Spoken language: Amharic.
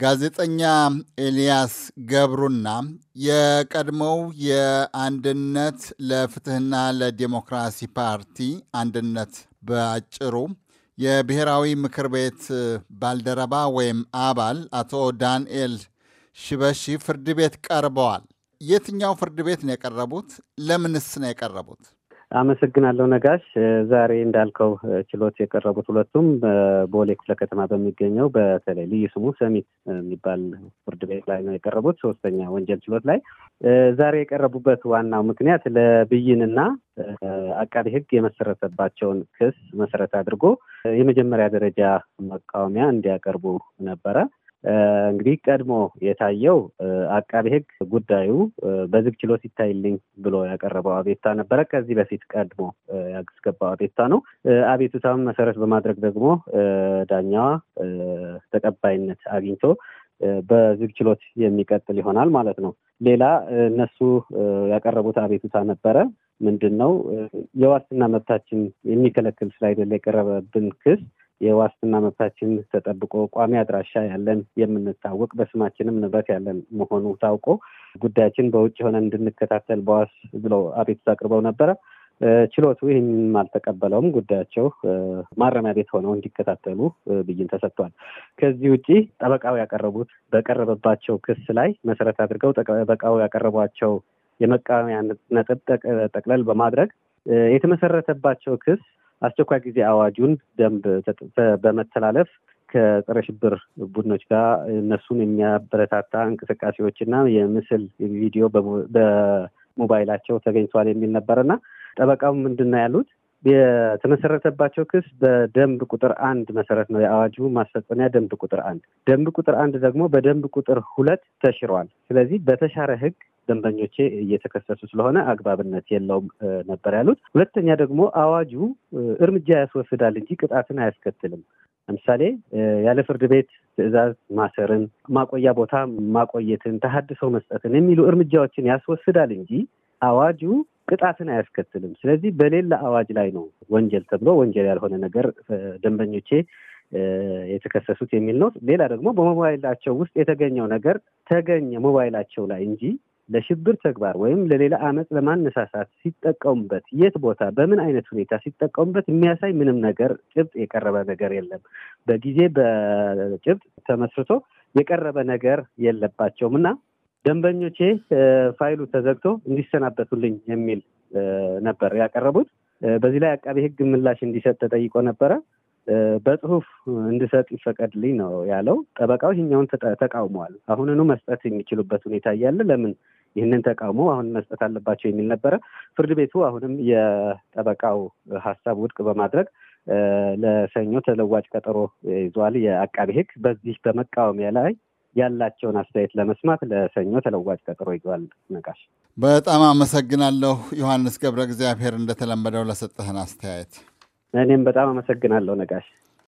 ጋዜጠኛ ኤልያስ ገብሩና የቀድሞው የአንድነት ለፍትህና ለዲሞክራሲ ፓርቲ አንድነት በአጭሩ የብሔራዊ ምክር ቤት ባልደረባ ወይም አባል አቶ ዳንኤል ሽበሺ ፍርድ ቤት ቀርበዋል። የትኛው ፍርድ ቤት ነው የቀረቡት? ለምንስ ነው የቀረቡት? አመሰግናለሁ ነጋሽ። ዛሬ እንዳልከው ችሎት የቀረቡት ሁለቱም በቦሌ ክፍለ ከተማ በሚገኘው በተለይ ልዩ ስሙ ሰሚት የሚባል ፍርድ ቤት ላይ ነው የቀረቡት፣ ሶስተኛ ወንጀል ችሎት ላይ። ዛሬ የቀረቡበት ዋናው ምክንያት ለብይንና አቃቤ ሕግ የመሰረተባቸውን ክስ መሰረት አድርጎ የመጀመሪያ ደረጃ መቃወሚያ እንዲያቀርቡ ነበረ። እንግዲህ ቀድሞ የታየው አቃቤ ሕግ ጉዳዩ በዝግ ችሎት ይታይልኝ ብሎ ያቀረበው አቤቱታ ነበረ። ከዚህ በፊት ቀድሞ ያስገባው አቤቱታ ነው። አቤቱታም መሰረት በማድረግ ደግሞ ዳኛዋ ተቀባይነት አግኝቶ በዝግ ችሎት የሚቀጥል ይሆናል ማለት ነው። ሌላ እነሱ ያቀረቡት አቤቱታ ነበረ። ምንድን ነው የዋስትና መብታችን የሚከለክል ስላይደለ የቀረበብን ክስ የዋስትና መብታችን ተጠብቆ ቋሚ አድራሻ ያለን የምንታወቅ በስማችንም ንብረት ያለን መሆኑ ታውቆ ጉዳያችን በውጭ የሆነ እንድንከታተል በዋስ ብለው አቤቱታ አቅርበው ነበረ። ችሎቱ ይህንም አልተቀበለውም። ጉዳያቸው ማረሚያ ቤት ሆነው እንዲከታተሉ ብይን ተሰጥቷል። ከዚህ ውጭ ጠበቃው ያቀረቡት በቀረበባቸው ክስ ላይ መሰረት አድርገው ጠበቃው ያቀረቧቸው የመቃወሚያ ነጥብ ጠቅለል በማድረግ የተመሰረተባቸው ክስ አስቸኳይ ጊዜ አዋጁን ደንብ በመተላለፍ ከጸረ ሽብር ቡድኖች ጋር እነሱን የሚያበረታታ እንቅስቃሴዎችና የምስል ቪዲዮ በሞባይላቸው ተገኝተዋል የሚል ነበረና ጠበቃው ምንድን ነው ያሉት? የተመሰረተባቸው ክስ በደንብ ቁጥር አንድ መሰረት ነው። የአዋጁ ማስፈጸሚያ ደንብ ቁጥር አንድ ደንብ ቁጥር አንድ ደግሞ በደንብ ቁጥር ሁለት ተሽሯል። ስለዚህ በተሻረ ህግ ደንበኞቼ እየተከሰሱ ስለሆነ አግባብነት የለውም ነበር ያሉት። ሁለተኛ ደግሞ አዋጁ እርምጃ ያስወስዳል እንጂ ቅጣትን አያስከትልም። ለምሳሌ ያለ ፍርድ ቤት ትዕዛዝ ማሰርን፣ ማቆያ ቦታ ማቆየትን፣ ተሀድሶ መስጠትን የሚሉ እርምጃዎችን ያስወስዳል እንጂ አዋጁ ቅጣትን አያስከትልም። ስለዚህ በሌላ አዋጅ ላይ ነው ወንጀል ተብሎ ወንጀል ያልሆነ ነገር ደንበኞቼ የተከሰሱት የሚል ነው። ሌላ ደግሞ በሞባይላቸው ውስጥ የተገኘው ነገር ተገኘ ሞባይላቸው ላይ እንጂ ለሽብር ተግባር ወይም ለሌላ አመፅ ለማነሳሳት ሲጠቀሙበት የት ቦታ በምን አይነት ሁኔታ ሲጠቀሙበት የሚያሳይ ምንም ነገር ጭብጥ የቀረበ ነገር የለም። በጊዜ በጭብጥ ተመስርቶ የቀረበ ነገር የለባቸውም እና ደንበኞቼ ፋይሉ ተዘግቶ እንዲሰናበቱልኝ የሚል ነበር ያቀረቡት። በዚህ ላይ አቃቤ ሕግ ምላሽ እንዲሰጥ ተጠይቆ ነበረ። በጽሁፍ እንድሰጥ ይፈቀድልኝ ነው ያለው። ጠበቃው ይህኛውን ተቃውመዋል። አሁንኑ መስጠት የሚችሉበት ሁኔታ እያለ ለምን ይህንን ተቃውሞ አሁን መስጠት አለባቸው የሚል ነበረ። ፍርድ ቤቱ አሁንም የጠበቃው ሀሳብ ውድቅ በማድረግ ለሰኞ ተለዋጭ ቀጠሮ ይዟል። የአቃቤ ሕግ በዚህ በመቃወሚያ ላይ ያላቸውን አስተያየት ለመስማት ለሰኞ ተለዋጭ ቀጠሮ ይዟል። ነቃሽ፣ በጣም አመሰግናለሁ ዮሐንስ ገብረ እግዚአብሔር እንደተለመደው ለሰጠህን አስተያየት እኔም በጣም አመሰግናለሁ ነጋሽ።